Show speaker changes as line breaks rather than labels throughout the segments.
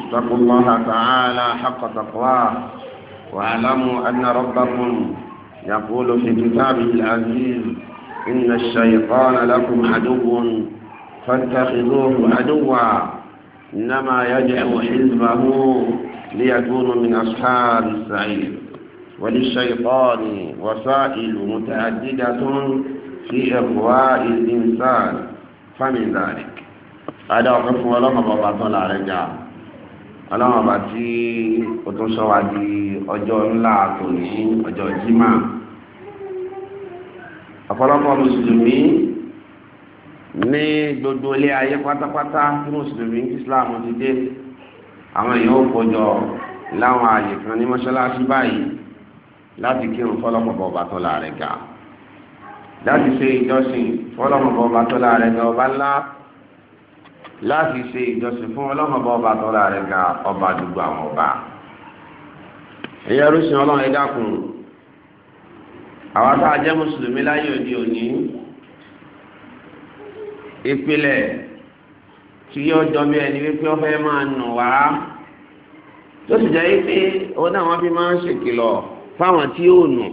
اتقوا الله تعالى حق تقواه واعلموا أن ربكم يقول في كتابه العزيز إن الشيطان لكم عدو فاتخذوه عدوا إنما يدعو حزبه ليكونوا من أصحاب السعير وللشيطان وسائل متعددة في إغواء الإنسان فمن ذلك هذا وقف ولما بطل رجعه ọlọ́run ọba tí o tún sọ wá di ọjọ́ ńlá tòní ọjọ́ jimá ọ̀pọ̀lọpọ̀ mùsùlùmí ní gbogbo ilé ayé pátápátá tí mùsùlùmí islam ti dé àwọn èèyàn ò kójọ láwọn ààyè kan ní mọ́ṣáláṣí báyìí láti kírun fọlọ́mọ̀bọ̀ ọba tó láàrẹ̀ ga láti ṣe ìjọsìn fọlọ́mọ̀bọ̀ ọba tó láàrẹ̀ ga ọba ńlá láti ṣe ìjọsìn fún ọlọ́mọba ọba tọ́lá rẹ̀ ga ọba àdúgbò àwọn ọba. ẹ̀yẹ rúṣin ọlọ́run ẹ dákun àwọn tá a jẹ́ mùsùlùmí láyé òde òní ìpìlẹ̀ tí yóò jọ bí ẹni wípé ó fẹ́ máa nù wá tó sì jẹ́ wípé owó náà wọ́n fi máa ń ṣèkìlọ̀ fáwọn tí yóò nù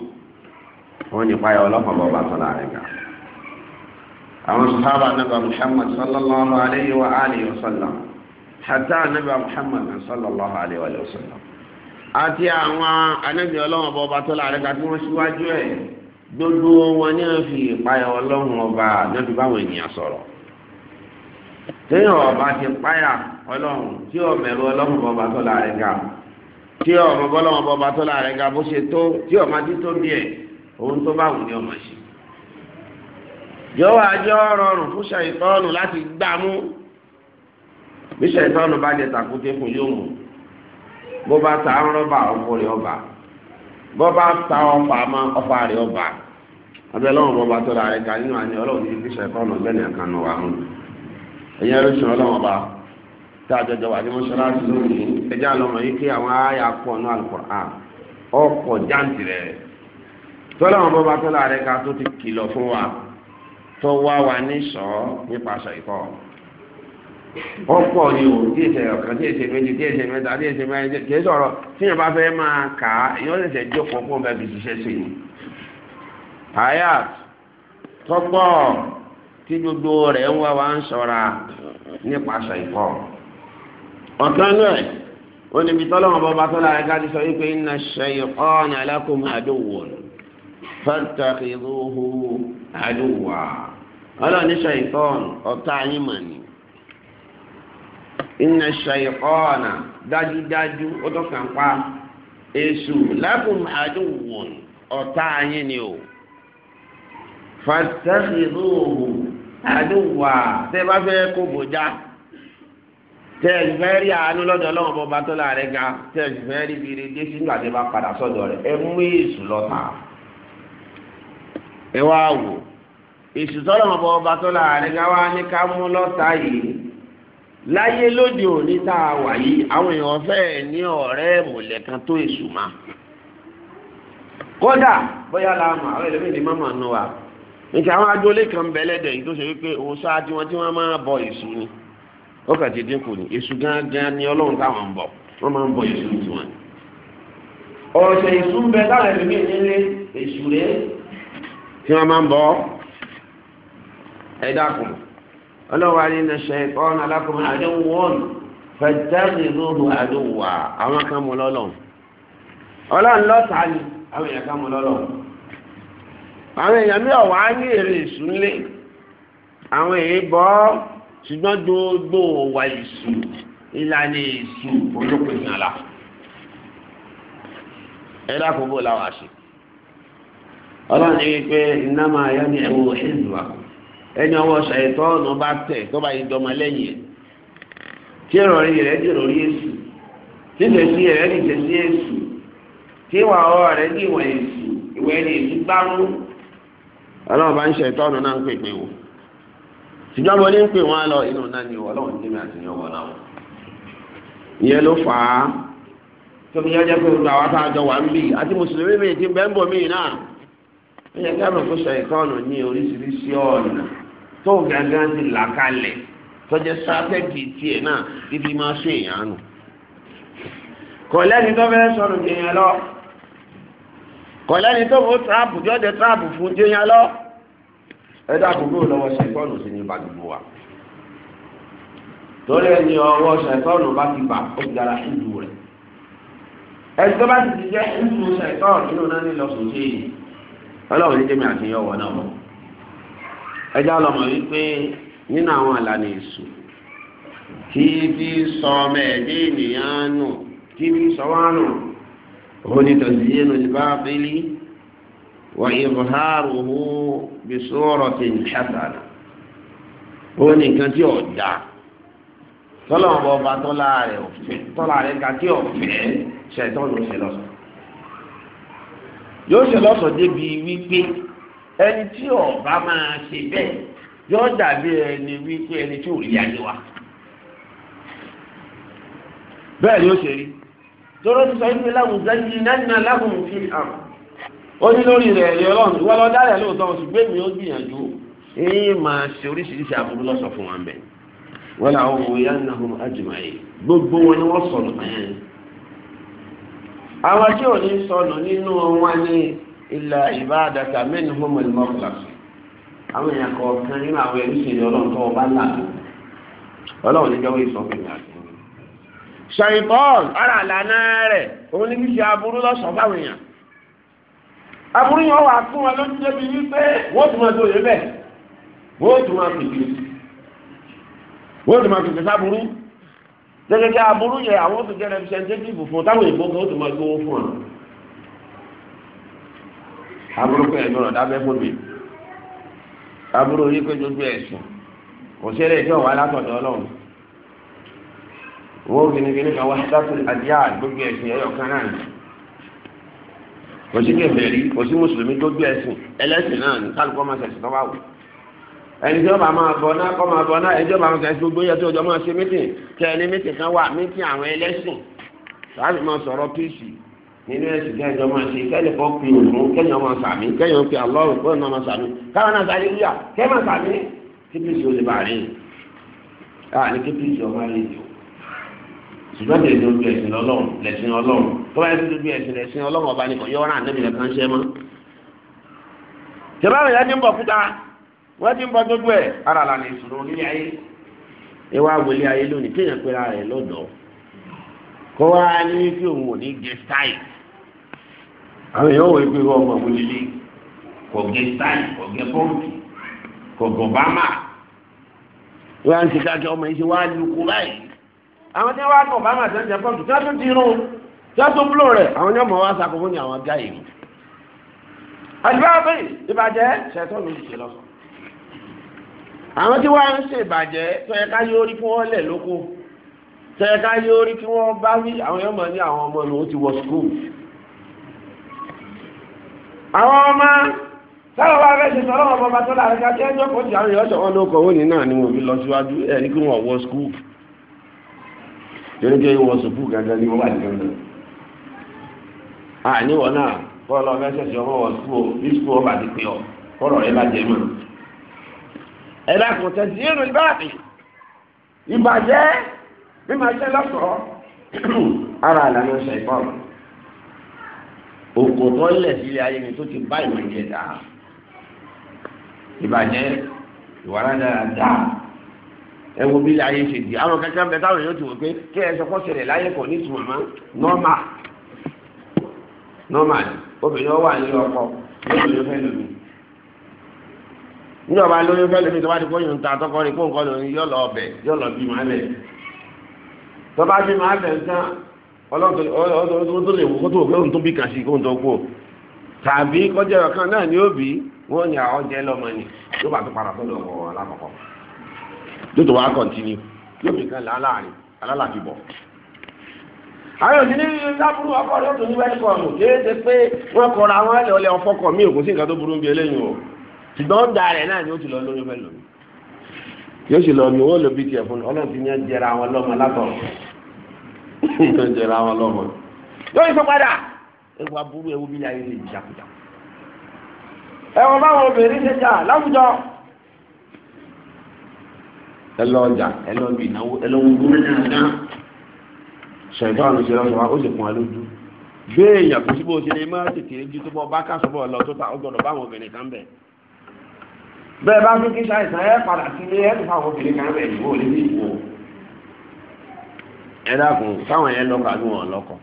wọ́n nípa ẹ̀ ọlọ́mọba ọba tọ́lá rẹ̀ ga àwọn sàhábà nàbà muhammad sallallahu alayhi wa alihi wa sallam hatta nàbà muhammad sallallahu alayhi wa sallam àti àwọn anábì ọlọ́run ọba ọba tó láàrin ká tí wọ́n síwájú ẹ̀ gbogbo wọn ní wọn fi ìpayà ọlọ́run ọba náà fi báwọn ènìyàn sọ̀rọ̀ téèyàn ọba ti páyà ọlọ́run tí ọmọẹ̀rọ ọlọ́run ọba tó láàrin ká tí ọmọ ọlọ́run ọba tó láàrin ká bó ṣe tó tí ọmọ adé tó bí ẹ̀ ohun tó báwọn ni ọmọ ṣe yọwọ́ ajọ́ rọrùn fún ṣàìtọ́nù láti gbá mú bí ṣàìtọ́nù bá jẹ tàkúté fún yóò mú bó bá ta rọ́bà ọkùnrin ọba bó bá ta ọfà mọ́ ọfà rẹ̀ ọba abẹ́ lọ́wọ́ bọ́ba tó ra rẹ̀ ká nínú àní ọlọ́run ní bí ṣàìtọ́nù ọgbẹ́ni àkànnù wà mú
ẹ̀yẹ rẹ̀ṣin ọlọ́run
ọba tá a jọjọ wà ní mọ́ṣáláṣí lónìí ẹjẹ́ àlọ́mọ yìí kí àwọn àyà pọ̀ ní alukur'an ọkọ̀ jáǹtì rẹ̀ tọ́lọ́wọ́n bọ́ba tó ra rẹ̀ ká tó ti kìlọ̀ fún wa tó wá wa ní sọ nípa aṣọ ó pọ̀ ni o tí èsè ọ̀kan tí èsè méjì tí èsè mẹ́ta tí èsè mẹ́rin kì í sọ̀rọ̀ tí yẹn bá fẹ́ máa kà á yóò lè tẹ̀ jókòó fún bẹ́ẹ̀ fi ṣiṣẹ́ sí i. ayat tọ́gbọ́ tí gbogbo rẹ̀ ń wá wa ń sọ̀ra nípasẹ̀ ìkọ́. ọ̀kan náà ó níbi tọ́lọ́wọ́n bọ́ba tó lára ká ti sọ wípé inna shaytana lakum aduwwun fattakhidhuhu aduwwa. ọlọ́ọ̀ni ṣàìtọ́ọ̀nù ọ̀tá anyị mà ní. ìnà ṣàìtọ́ọ̀nà dájúdájú ó tó kàn pa èṣù ọ̀tá ni o. fàtẹ́sìlóòwò àdúwà tẹ́ bá fẹ́ kó bòjá tẹ́ ẹ fẹ́ rí àánú lọ́dọ̀ ọlọ́run bọba tó láàrẹ̀ ga tẹ́ ẹ fẹ́ rí bìrì dé sínú àti padà sọ́dọ̀ rẹ̀ ẹ mú èṣù ìṣùtọ́lọ̀ ọ̀bọ̀ ọba tó láàrin káwá ní ká mú lọ́ta yìí láyé lóde òní tá a wà yìí àwọn èèyàn fẹ́ẹ̀ ní ọ̀rẹ́ mọ̀lẹ́kan tó èṣù ma kódà bóyá la mọ̀ àwọn ẹlẹ́mìí ni mọ́mọ́ nù wa nǹkan àwọn agboolé kan bẹ́lẹ́dẹ̀ yìí tó ṣe wípé òun ṣáájú wọn tí wọ́n máa bọ èṣù ni ó kàn ti dínkù ni èṣù gángan ni ọlọ́run táwọn ń bọ wọ́n máa ń bọ èṣù tiwọn. ọ̀sẹ̀ èṣù ń bẹ táwọn ẹlẹ́mìí ẹ dákun ọlọ́wà ní ní alákùnrin àdéhùn fẹ̀tẹ́rì àdéhùwà àwọn kan mú lọ́lọ́ ọlọ́run lọ́ta ni àwọn èèyàn kan mú lọ́lọ́ àwọn èèyàn mi ọ̀wá ní èrè àwọn èèyàn bọ́ ṣùgbọ́n gbogbo wà ìsù ìlànà ìsù olókùn ọlọ́run ní ní ẹ̀wọ̀n ẹni ọwọ ṣàyẹ̀tọ́ ọ̀nà bá tẹ̀ tó bá yẹ dọ́mọ lẹ́yìn tí ẹ ìrọ̀rí rẹ dìrò rí èsù tí ìṣesí rẹ̀ dìṣe sí èsù tí ìwà ọwọ rẹ dì ìwà ìwà ẹni èsù gbámú ọlọ́run bá ń náà ń pè pé wò ṣùgbọ́n mo ní ń pè wọ́n lọ inú náà ni àti náà ìyẹn ló fà á tóbi yẹn jẹ́ pé gbogbo àwọn ó yẹ kí àmọ̀ fún ṣàìtọ́nù ní oríṣiríṣi ọ̀nà tó gángan ti là kalẹ̀ tọ́jẹ́ sátẹ́kì tiẹ̀ náà bíbí máa ṣe èèyàn nù. kò lẹ́ni tó fẹ́ sọ̀rọ̀ jẹyàn lọ kò lẹ́ni tó fún tíráàpù jọ́jẹ́ tíráàpù fún jẹyàn lọ ẹ dákun kúrò lọ́wọ́ ṣàìtọ́nù sí ní gbàgbọ́ wa torí ẹni ọwọ́ ṣàìtọ́nù bá ti bà ó ti dára ìlú rẹ̀ ẹni tó bá ti ti jẹ́ ìlú ṣàìtọ́nù ọlọ́run ní jẹ́mi àfihàn ọ̀wọ́ náà mọ̀ ẹjá lọ́mọ wípé nínú àwọn àlànà èṣù tí bí sọ ọmọ ẹ̀dẹ́ ènìyàn nù tí bí sọ wá nù òun ni tòṣìṣẹ́ nù bá ní ṣàtàlà òun ni nǹkan tí bá tọ́lá rẹ̀ òfin tọ́lá ló yóò ṣe lọ́sọ̀ọ́ bi wípé ẹni tí ọba máa ṣe bẹ́ẹ̀ yóò dàbí ẹni wípé ẹni tí ò ayé wa bẹ́ẹ̀ yóò ṣe rí tọ́lọ́ ti sọ wípé láwùjọ nánà láwùn fi hàn ó ní lórí rẹ̀ ẹ̀yọ́ lọ́nà ìwọ lọ dálẹ̀ lóòótọ́ oṣù gbé mi ó gbìyànjú èyí máa ṣe oríṣiríṣi àbúrú lọ́sọ̀ fún wa àwọn tí ò ní sọnù nínú wọn ní ilà ìbáàdàkà mẹ́nu mọ́mọ́lì mọ́kànlásì àwọn èèyàn kọ̀ọ̀kan nínú àwọn ẹbí ṣèlè ọlọ́run tó ọba ńlá mi ọlọ́run níjọ́ wí sọ fún mi àti mi. ṣàìtọ́n ara àlànà rẹ̀ òun ní kí ṣe aburú lọ́sọ̀ọ́ fáwọn èèyàn aburú yẹn wà fún wọn lójú débi wípé wọ́n tún máa dòye bẹ́ẹ̀ wọ́n tún máa fìdí wọ́n tún máa fìdí sáburú gẹ́gẹ́ aburú yẹn àwọn tó jẹ́ representative fún táwọn èèyàn gbogbo tó máa gbowó fún ọ. aburú pé ẹjọ́ rẹ̀ dábẹ́ fún mi aburú yìí pé gbogbo ẹ̀sùn kò sí ẹlẹ́jọ́ wà látọ̀dọ̀ ọlọ́run wọ́n gbìngbìngbìn kan wá dátù àdíyà gbogbo ẹ̀sìn ẹ̀yọ̀ kan náà ni kò sí kẹfẹ́ rí kò sí mùsùlùmí gbogbo ẹ̀sìn ẹlẹ́sìn náà ni kálukọ́ máa ṣẹ̀sìn tó bá wù ẹni tí wọn bá máa bọ náà kọ́ máa bọ náà ẹni tí wọn bá máa kẹ́sí gbogbo yẹ tí ọjọ́ máa ṣe mítìn tí ẹni mítìn kan wà mítìn àwọn ẹlẹ́sìn láti máa sọ̀rọ̀ píìsì nínú ẹ̀sìn tí ẹjọ́ máa ṣe kẹ́lẹ̀ kọ́ pin òòrùn kẹ́yìn máa sàmì kẹ́yìn pin àlọ́run kó náà máa sàmì káwọn náà sàmì wíyà kẹ́ máa sàmì kí píìsì ó lè bà rí àní kí píìsì ọmọ rẹ jù ṣùgbọ́n tẹ̀lé ojú ẹ̀sìn ọlọ́run lẹ̀sìn ọlọ́run tó bá yẹ kí ojú ẹ̀sìn lẹ̀sìn ọlọ́run ọba nìkan yọ ọ́ náà níbi nìkan ṣẹ́ mọ́. ṣèbáwò yẹn ti ń bọ̀ kúta wọ́n ti ń bọ́ gbogbo ẹ̀ ara là ní ìṣòro nílé ayé ẹ wá ayé lónìí kéèyàn pera rẹ̀ lọ́dọ̀ kó wá ní kí òun ò ní gé stáì àwọn èèyàn wọ̀ ọmọ òun lè kò gé stáì kò gé pọ́ǹkì kò gò wọ́n á ń ṣe káàkiri ọmọ yìí ṣe wá lu kú báyìí àwọn tí wọ́n á tó ń jẹ pọ́ǹkì tí wọ́n àwọn tí wọ́n ń ṣèbàjẹ́ tọ́yẹ ká yóò rí kí wọ́n lẹ̀ lóko tọ́yẹ ká yóò rí kí wọ́n bá wí àwọn yọmọ ní àwọn ọmọ lòun ti wọ skul. àwọn ọmọ táwọn bá fẹ́ ṣe sọ lọ́wọ́ bàbá tó láàrin ká jẹ́ ẹjọ́ kò tí àwọn ìyọ́jọ́ wọn ló kọ owó ní náà ni wọn fi lọ síwájú ẹ̀ ní kí wọ́n wọ skul. jẹ́nìkẹ́ wọ skul gàgà ni wọ́n wà ní gàgà. àníwọ̀ náà kọ́ ọ lọ fẹ́ ṣẹ̀ṣẹ̀ ọmọ wọ skul bí skul ọ ẹ̀rọ àkùntẹ̀ sí èrò ìbáàdì ìbàjẹ́ ìbàjẹ́ lọ́sọ̀ọ́ ara àlànà ṣe ìfọ́n òkò tó lẹ̀ sílé ayé ni tó ti bá ìwé jẹ dá ìbàjẹ́ ìwà dáadáa dá ẹ wo bí ayé ṣe di àwọn kankan bẹ táwọn èèyàn ti wò pé kí ẹ sọ fọ́ ṣẹlẹ̀ láyé kò ní ìtumọ̀ mọ́ nọ́ọ̀mà nọ́ọ̀mà obìnrin wà ní ọkọ lóbìnrin fẹ́ lómi nígbà bá lóyún fẹ́ lómi tó bá ti kó yòó ta tọkọ rẹ̀ kó nǹkan lòun yọ lọ ọbẹ̀ yọ lọ bí màá bẹ̀. tó bá bí màá bẹ̀ nǹkan ọlọ́run tó lè wò kó tó òkè òun tó bí kàn sí kó ń tó kú tàbí kọjá ọ̀kan náà ni ó bí wọ́n ní àwọn jẹ́ lọ́mọ ni yóò bá tó padà tó lọ́wọ́ alákọ̀ọ́kọ́ yóò tó wá kọ̀ntínú yóò fi kan láàárín alálàfi bọ̀. àwọn òsì ní sábúrú ọkọ̀ rẹ̀ tó ní wẹ́ẹ̀kọ̀ọ̀mù kéé ṣe pé wọ́n kọra wọn lọ́lẹ̀ ọfọ́kọ̀ mí òkú sí nǹkan tó burú bí eléyìí o ṣùgbọ́n da rẹ̀ náà ni ó ti lọ lórí bẹ́ẹ̀ lómi yóò sì lọ mi wọ́n lọ bí tiẹ̀ fún ọlọ́run ti ní jẹra wọn lọ́mọ látọ̀rọ̀ tó jẹra wọn lọ́mọ yóò sọ padà ewu aburú ewu bíi ayé lè jàkújà ẹ̀wọ̀n báwọn obìnrin ṣe jà láwùjọ ẹ lọ ìnáwó ẹ lọ wù ú ṣe lọ́sọ̀rọ̀ ó sì kún wa lójú béèyàn kò síbò ṣe lè má tètè ju tó bọ́ bá kásùbọ̀ lọ tó ta ọgbọ̀dọ̀ báwọn obìnrin kan bẹ̀ bẹ́ẹ̀ bá tún kí ṣàìsàn ẹ padà sílé ẹ tún fáwọn obìnrin kan bẹ̀ ìwò lè ní ìwò ẹ dákun sáwọn yẹn lọ́kọ̀ àbí wọn lọ́kọ̀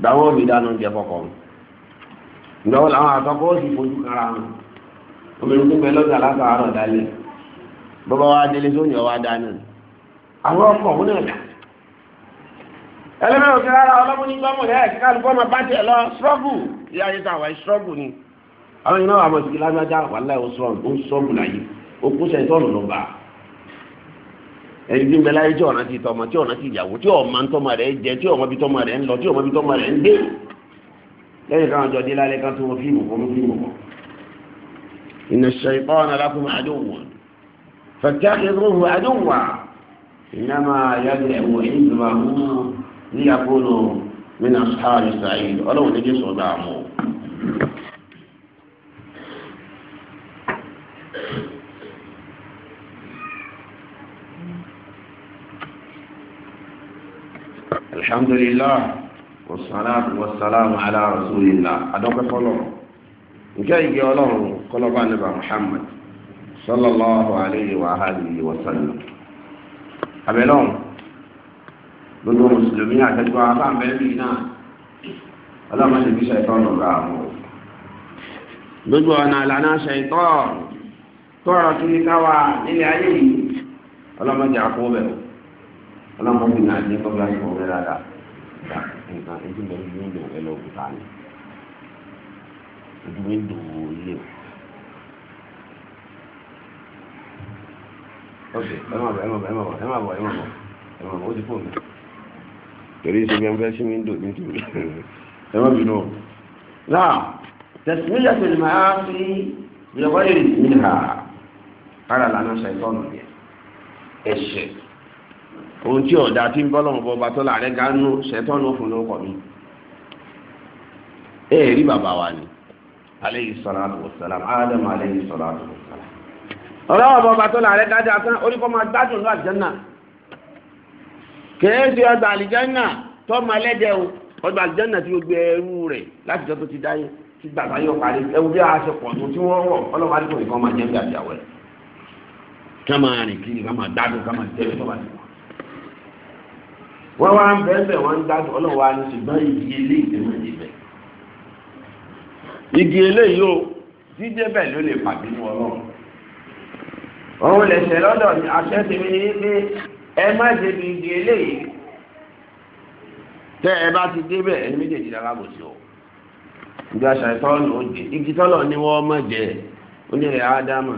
gbàwọ́ mi dáná jẹ fọkọ mi ìgbàwọ́ làwọn àtọ́kọ́ ó sì fojú kara wọn obìnrin tó bẹ lọ́jà látàárọ̀ dálé bọ́bá wa délé tó yàn wá dání àwọn ọkọ̀ òun náà dà ẹlẹ́mẹ̀rún ti rárá ọlọ́mú ní gbọ́mù rẹ̀ kíkálukọ́ máa bá tiẹ̀ lọ ṣọ́ọ̀bù ìyá yìí tàwa ṣọ́ọ̀bù ni àwọn iná àmọ̀ ìdílé lágbájá wàhálà ó sọ ó sọ́ọ̀bù láyé ó kó sẹ́yìn tọ́ọ̀nù ló bá ẹni tí ń bẹ láyé tí ọ̀nà ti tọmọ tí ọ̀nà ti ìyàwó tí ọ̀ma tọmọ rẹ̀ jẹ tí ọmọ bí tọmọ rẹ̀ ń lọ tí ọmọ bí tọmọ rẹ̀ ń dé lẹ́yìn káwọn jọ dé lálẹ́ ká tó wọ fíìmù kan fíìmù kan. inna shaytana lakum aduwwun fattakhidhuhu aduwwa alhamdulillah wasalaatu wasalaamu ala rasulillah adọ́pẹ́ fọlọ́run ǹjẹ́ ìgbé ọlọ́run kọlọ́ba nípa muhammad sallallahu alayhi wa alihi wa sallam abẹ́lọ́run gbogbo mùsùlùmí àtẹ́gbọ́ afáǹbẹ́ẹ́lì náà ọlọ́run ti fi ṣàìtọ́ lọ́gbà àwọn gbogbo ọ̀nà ìlànà ṣàìtọ́ tọ́rọ̀ kiri káwa nílé ayé yìí ọlọ́run ti àkóbẹ̀rẹ̀ ọlọ́mọ mi náà ní kọ́bí àti ọ̀rẹ́ rárá ìgbà nǹkan ojú mi ń dùn ẹ lọ òkúta ni ojú mi ń wò ilé o. ok ẹ má bọ̀ ẹ má bọ̀ ẹ má bọ̀ ẹ má bọ̀ ẹ má bọ̀ ẹ má bọ̀ ó ti fò mí. torí ìṣe mi ń fẹ́ sí mi ń dùn mí dùn ẹ má bínú o. náà tẹ̀síwíyà tó lè máa fi ìjọba yìí nìyà ara lànà ṣàìtọ́nù yẹn ẹ̀ṣẹ̀ ohun tí ọ̀dà tí ń bọ́lọ̀ bọ́ bá tọ́lá rẹ̀ gánú ṣẹ́tọ́nù fún ló kọ̀ mí. ẹ rí bàbá wa ni aleyhi salatu wa salam adam aleyhi salatu wa salam. ọlọ́wọ́ bọ́ bá tọ́lá rẹ̀ dáadáa tán orí kọ́ máa gbádùn lọ àlìjánà. kèé ṣe ọgbà àlìjánà tó ma lẹ́dẹ̀ o ọgbà àlìjánà tí o gbé ẹrú rẹ̀ láti jọ́ tó ti dáyé tí bàbá yóò parí ẹwù bí aṣọ pọ̀ tó tí wọ́n wọ̀ ọlọ́wọ́ adúgbò nìkan máa jẹ́ bí àbíyàwó rẹ̀. ká máa rìn kiri ká máa gbádùn ká máa jẹ́ bí tọ́ba nìkan wọ́n wá ń bẹ́ẹ̀ wọ́n ń dájú ọlọ́wọ́ á ní ṣùgbọ́n igi eléyìí tó máa níbẹ̀. igi eléyìí o jíjẹ bẹ́ẹ̀ ló lè pàdé ní ọlọ́run. òun lè ṣe lọ́dọ̀ àṣẹ ti mi ní pé ẹ má ṣe bí igi eléyìí. tẹ́ ẹ bá ti débẹ̀ ẹni méjèèjì dára bò sí o. ìgbà ṣàìtọ́nù oúnjẹ igi tọ́lọ̀ ni wọ́n mọ̀ jẹ́ onílẹ̀ ádámà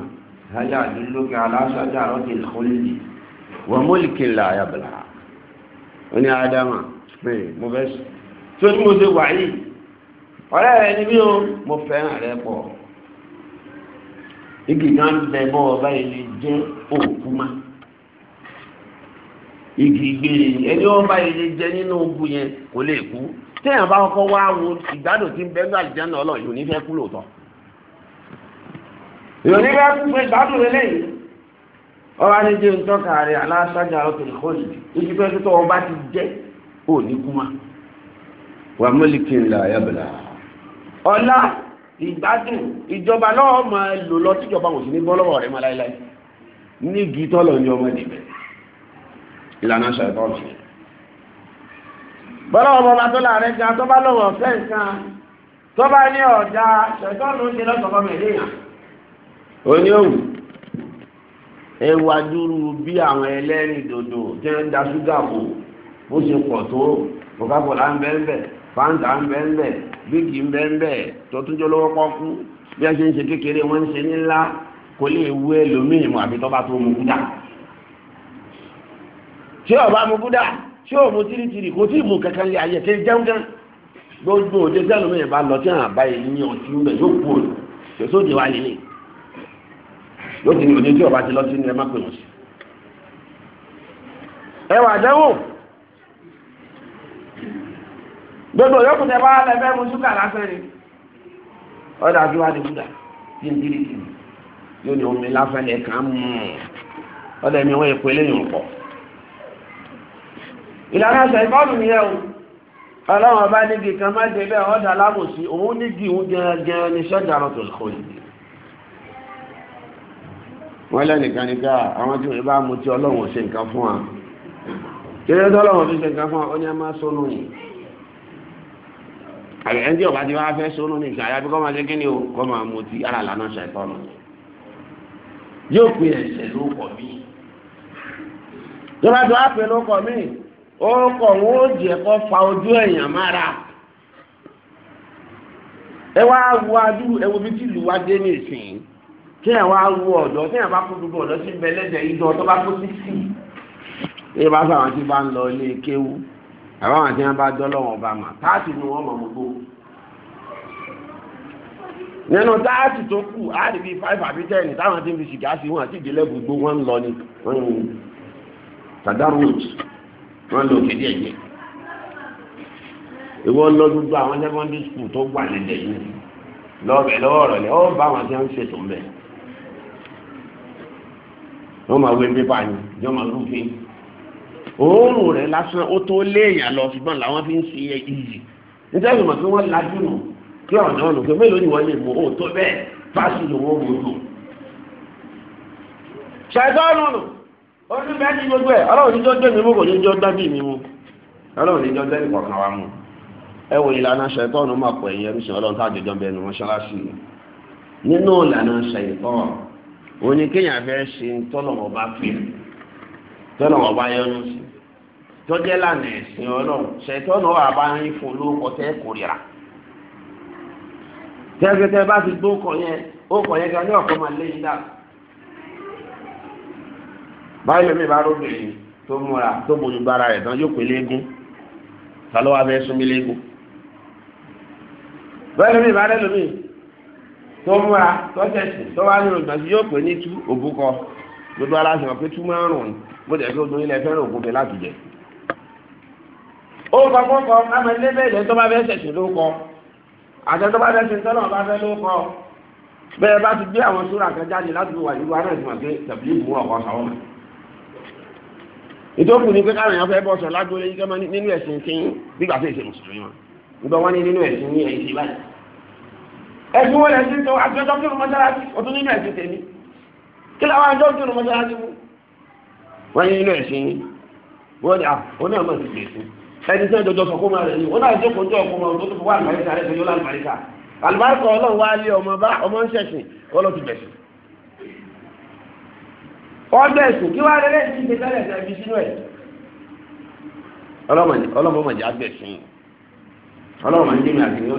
ayé àdúgbò kí aláṣájà rọ́ọ̀kì oní adama mo fẹ́ tí o tí mo ṣe wà yìí ọ̀rẹ́ rẹ ni mí o mo fẹ́ràn rẹ pọ̀ igi kan bẹ bọ́ ọba yìí lè jẹ́ òkú ma igi gbére ẹni ọba yìí lè jẹ nínú ogun yẹn kò lè kú téèyàn bá kọ́kọ́ wá wo ìgbádùn tí bẹ́ẹ̀ ní àlìjáná ọlọ́run yìí ò ní fẹ́ kú lóòótọ́ yóò ní fẹ́ gbádùn eléyìí ọba ní jẹ́ ntọ́ka rẹ̀ aláṣájà ọ̀tún ìkọ́lì ibi pẹ́ tó ọba ti jẹ́ ò ní kúmá. wà á mọ́lìkì ńlá ayábẹ̀lá. ọlá ìgbádùn ìjọba náà máa lò lọ tíjọba kò sí ní bọ́ lọ́wọ́ rẹ̀ máa láéláé ní igi tọ́lọ̀ ní ọmọ ìdìbẹ̀ ìlànà ṣàìtọ́ọ̀tì. bọ́lá ọmọ ọba tó láàrin gan tó bá lọ́wọ́ fẹ́ nǹkan tó bá ní ọ̀dà ṣàìtọ́ọ̀nù ń ṣe lọ́sọ̀ọ́ ẹ wá dúró bí àwọn ẹlẹ́rìn dòdò tí wọ́n da ṣúgà bò bó ṣe pọ̀ tó coca-cola ń bẹ́ẹ̀ bẹ́ẹ̀ fanta ń bẹ́ẹ̀ bẹ́ẹ̀ bíkì ń bẹ́ẹ̀ bẹ́ẹ̀ tọ́túnjọ́ lọ́wọ́ pọ́kú bí a ṣe ń ṣe kékeré wọ́n ń ṣe ní ńlá kò lè wú ẹlòmíì mọ́ àbí tọ́ba tó mú kúdà ṣé ọba mú kúdà ṣé òun tìrìtìrì kò tí ì mú kankan lé ayé kí jẹun gbogbo òde tẹlifíṣàn bá lọ tí àwọn àbáyé ní ọtí ń bẹ yóò ti ní òní tí ọba ti lọ sínú ẹ má pè wọ́n sí. ẹ wà dánwò gbogbo yòókù tẹ bá lẹfẹ mu ṣúgà lásán ni ọdà tó wà ní ṣúgà tí n kiri kiri yóò ní omi lásán lẹ kàn mú ọdà mi wọn èpo eléyìí pọ. ìlànà ṣe ìkọlù nìyẹn o ọlọ́run ọba nígi kan má dé bẹ́ẹ̀ ọ̀dà alábòsí òun nígi òun gẹ́gẹ́ ní sọ́jà rọ̀tò kọ́lì wọ́n lẹ́nìkan ní ká ah, àwọn tí wọ́n bá mú tí ọlọ́run ṣe nǹkan fún wa kéré tọ́lọ́run fi ṣe nǹkan fún wa ó ní ẹ máa sọnù yìí àbẹ̀ ẹni tí ọba ti wá fẹ́ sọnù ní ìṣàyà kọ́ máa ṣe kíni o kọ́ máa mú ti ara lànà ṣàìtọ́nù yóò pe ẹ̀ṣẹ̀ lóko mi tọ́lá tó wá lóko mi ó kọ̀ ó jẹ́ kó fa ojú ẹ̀yàn mára ẹ wá wo adú ẹ wo bí tí ìlú wa dé ní ìsìn yìí kí ẹ wá wo ọ̀dọ́ tí ẹ bá kó gbogbo ọ̀dọ́ sí mẹlẹ́dẹ̀ ìjọ tó bá kó sí sí i bá fà wọn tí bá ń lọ ilé kéwú àbáwọn tí wọn bá dọ́lọ́wọ́n bá mà táàtì ni wọ́n mọ̀ gbogbo nínú táàtì tó kù áàdì bíi five àbí ten táwọn tí ń fi sìgá sí wọn àti ìdílé gbogbo wọn ń lọ ni wọn ń tàdáròjì wọn lò kéde ẹ̀jẹ̀ ìwọ lọ gbogbo àwọn secondary school tó wà nílẹ̀ yìí lọ́ọ̀bẹ̀ lọ́wọ́ rẹ̀ lọ́wọ́ bá àwọn tí wọn ń ṣètò mẹ́rin wọ́n máa wé pépà ni yọ́n máa lùfẹ́ òórùn rẹ̀ lásán ó tó léèyàn lọ ṣùgbọ́n làwọn fi ń ṣe iyì nítorí mọ̀ pé wọ́n lajú nù kí ọ̀nà ọ̀nà pé mélòó ni wọ́n lè mú òótọ́ bẹ́ẹ̀ fásitì ni wọ́n mú lò. ṣàìtọ́nù nù ojú bẹ́ẹ̀ ní gbogbo ẹ̀ ọlọ́run níjọ́ gbé mi mú kò níjọ́ dábì mi mú ọlọ́run níjọ́ gbé nìkọ̀kan wa mú. ẹ wo ìlànà ṣàìtọ́nù máa pọ̀ ẹ̀yẹ ẹrú sí ọlọ́run tá àjọjọ́ bẹ́ẹ̀ ni wọ́n ṣọlá sí i nínú ìlànà ṣàìtọ́nù òun ni kéèyàn fẹ́ ṣe tọ́lọ̀mọ́ bá fẹ́ tọ́lọ̀mọ́ bá yọnu sí tọ́jẹ́ lànà ẹ̀sìn ọlọ́run ṣètọ́nù wà bá ń fún olóko tẹ́ kórìíra tẹ́gẹ́tẹ́ bá ti gbó kọ̀ yẹn ó kọ̀ yẹn gan ní ọ̀kọ́ máa lé dà báyìí lómi bá róbìnrin tó múra tó bójú gbára rẹ̀ tán yóò pè léegun ta ló wá fẹ́ súnmí léegun báyìí lómi bá rẹ́ lómi tó múra tó tẹ̀sí tó wá nínú ìgbà tí yóò pè ní tú òbúkọ gbogbo aláṣẹ wọn pé tú máa ń rùn ní bó tẹ̀ kí obìnrin ilẹ̀ fẹ́ràn òkú bẹ láti jẹ. ó kọ kọ́kọ́ káfẹ́ lébẹ́ ìlẹ́ tó bá fẹ́ sẹ̀sìn ló kọ àti tó bá fẹ́ sin tọ́nà bá fẹ́ ló kọ bẹ́ẹ̀ bá ti gbé àwọn sóra kan jáde láti wà ìlú aná ìsìn àti tàbí ìmú ọkọ sàwọn mọ́. ìtòkùn ni pé káwọn èèyàn fẹ́ bọ́ sọ lágbóyè yíkẹ́ mọ́ nínú ẹ̀sìn tí gbígbà fẹ́ ìṣe ẹ̀sùn wọn lẹ́sìn tó àjọjọ́ kí mọ́sálásí ọdún nínú ẹ̀sìn tèmi kí láwọn àjọ kí mọ́sálásí mú wọ́n yí nínú ẹ̀sìn yìí wọ́n ni àwọn náà mọ̀ sí pèsè ẹni tí wọ́n jọjọ sọ fún rẹ̀ yìí wọ́n náà jókòó jọ ọkùnrin ọ̀rọ̀ tó tó wà àlùbáríkà rẹ̀ tó yọ lálùbáríkà àlùbáríkà ọlọ́run wá lé ọmọ bá ọmọ ń ṣẹ̀sìn kọ́ ló ti bẹ̀sìn. wọ́n bẹ̀sìn kí wọ́n rẹ̀ ti ṣe tẹ́lẹ̀ tẹ́ ibi sínú ẹ̀. ọlọ́mọ mọ̀já bẹ̀sìn ọlọ́mọ mọ̀já mi àti ní ó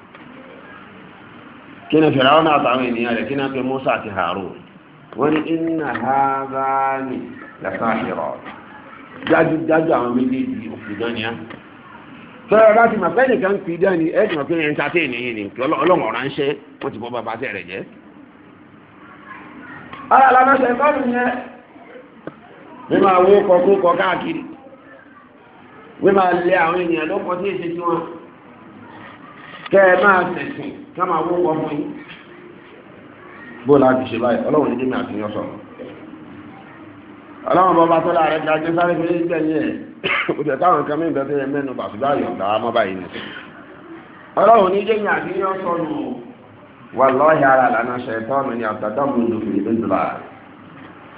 kí ni fìràwọn àtàwọn ènìyàn rẹ̀ kí ni pé Musa àti Harun wọ́n ní inna hadhani lasahiran dájúdájú àwọn méjèèjì òkùnjọ́ ni á tọ́lá bá ti mọ̀ pé nìkan fi dá ni ẹ̀ ti mọ̀ pé ẹ̀ńtátẹ́ẹ̀nì yìí ni ọlọ́run ránṣẹ́ wọ́n ti bọ́ bàbá tẹ̀ rẹ̀ jẹ́. ara làwọn ṣe bọ́ọ̀lù yẹn wí máa wó kọkú kọ káàkiri wí máa lé àwọn ènìyàn lóko tí èsì tí wọn kẹ́ ẹ máa tẹ̀sìn ká máa wó wọ́n fún yín bó láti ṣe báyìí ọlọ́run ní jẹ́mi àti yọ́sọ̀ ọlọ́run bọ́ba tó láàrẹ ga jẹ́ sáré fi ń gbẹ̀yìn ẹ̀ kò tẹ̀ táwọn nǹkan mìíràn tó yẹ mẹ́nu bàtú bá yọ̀ǹda mọ́ báyìí nì ọlọ́run ní jẹ́mi àti yọ́sọ̀ nù wà lọ́ọ̀yà ara lànà ṣẹ̀tọ́nù ni àtàdọ́mù lòfin ìdúdúrà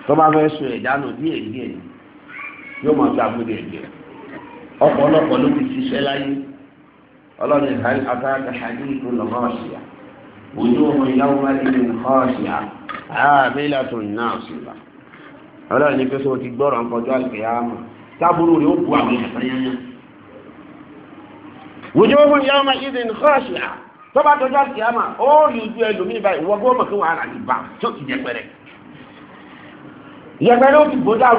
tó bá fẹ́ sọ ìdánù díẹ̀ díẹ̀ yóò máa fi àbúdé ẹ̀jẹ̀ ọ̀pọ̀lọpọ̀ ló ti ṣiṣẹ́ láyé ọlọ́run ìhàlì àtàkà hadithu lọ́ọ̀ṣìyà ojú ọmọ ìyàwó máa ní ìhọ́ọ̀ṣìyà àmìlà tó náà ṣùgbà ọlọ́run ní pẹ́sọ́ ti gbọ́rọ̀ ń kọjọ́ àlùkìyàmù tábúrú rẹ̀ ó bu àwọn ìyàtọ̀yányá ojú ọmọ ìyàwó máa ní ìhọ́ọ̀ṣìyà tó bá tọjọ́ àlùkìyàmù ó rí ojú ẹlòmíì báyìí wọ́n gbọ́mọ̀ kí wàhálà ní bá tó ti jẹpẹrẹ jẹpẹrẹ ó ti gbódà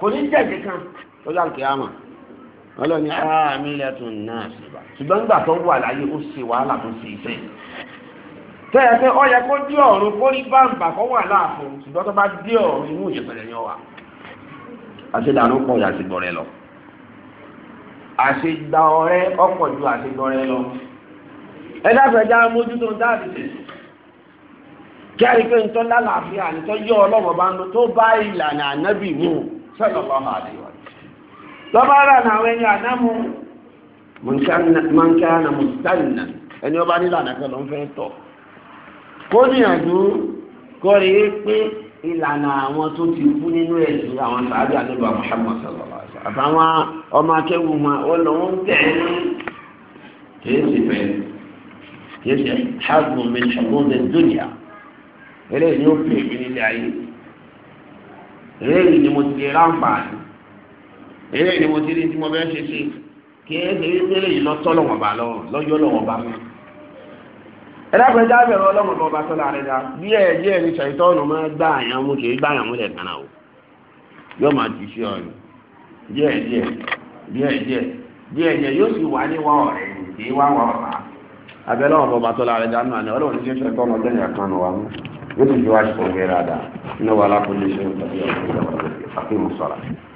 kò ní jẹ́ ọlọ́ni àmìlẹ́tùn náà ṣùgbọ́n ṣùgbọ́n tó wà láyé ó ṣe wàhálà tó ṣe iṣẹ́ tẹ́yẹ pé ó yẹ kó dí ọ̀run kó rí kó wà láàfin ṣùgbọ́n tó bá dí ọ̀run inú ìyẹ̀pẹ̀rẹ̀ ni ó wà. àṣedànù pọ̀ ju lọ àṣedà ọ̀rẹ́ ọ̀pọ̀ ju lọ ẹ dáfẹ́ já mójútó dáàbì kí a rí pé nítorí lálàáfíà yọ ń bá ìlànà ànábì mú sọ́dọ̀ bá máa dé na làwọn ẹni na mọ̀nkánà mùsùlùmí ẹni ọba nílànà kan ló ń fẹ́ tọ̀ kó níyànjú kó rí pé ìlànà àwọn tó ti kú nínú ẹ̀sìn àwọn sàájú àdébà Muhammad sallallahu àtàwọn ọmọ akẹ́wù ma ó lọ ń tẹ̀ ẹ́ kìí fẹ́ kìí sì mi ṣàkóso eléyìí ni ó pè mí nílé ayé eléyìí ni mo ti eléyìí ni mo ti rí tí mo fẹ́ ṣe sí kí ẹ ṣe wípé eléyìí lọ́tọ́ lọ́wọ́n bá lọ́wọ́ lọ́yọ́ lọ́wọ́n bá mi. ẹ dábàá ẹja bẹ̀rẹ̀ ọlọ́wọ́n bá ọba sọ́la rẹ̀ dá bí ẹ díẹ̀ ní ṣàìtọ́nù máa gbá àyàn mú ṣe gbá àyàn mú lẹ̀ kan náà o yóò máa ti ṣe ọ̀rọ̀ díẹ̀ díẹ̀ díẹ̀ díẹ̀ díẹ̀ díẹ̀ yóò sì wá ní wá ọ̀rẹ́ kì í wá wá ọ̀rá. abẹ́lẹ́ ọ̀bọ̀ bá tọ́la rẹ̀ dánú àná ọlọ́run ti ṣe ṣẹ́tọ́nù ọjọ́ ìyá kan nù wá mú yóò sì fi wá ṣe òun gẹ́rẹ́ àdá ní wàhálà kò lè ṣe òun tàbí ọ̀rẹ́ ìjọba àti ìmúṣọ́ra.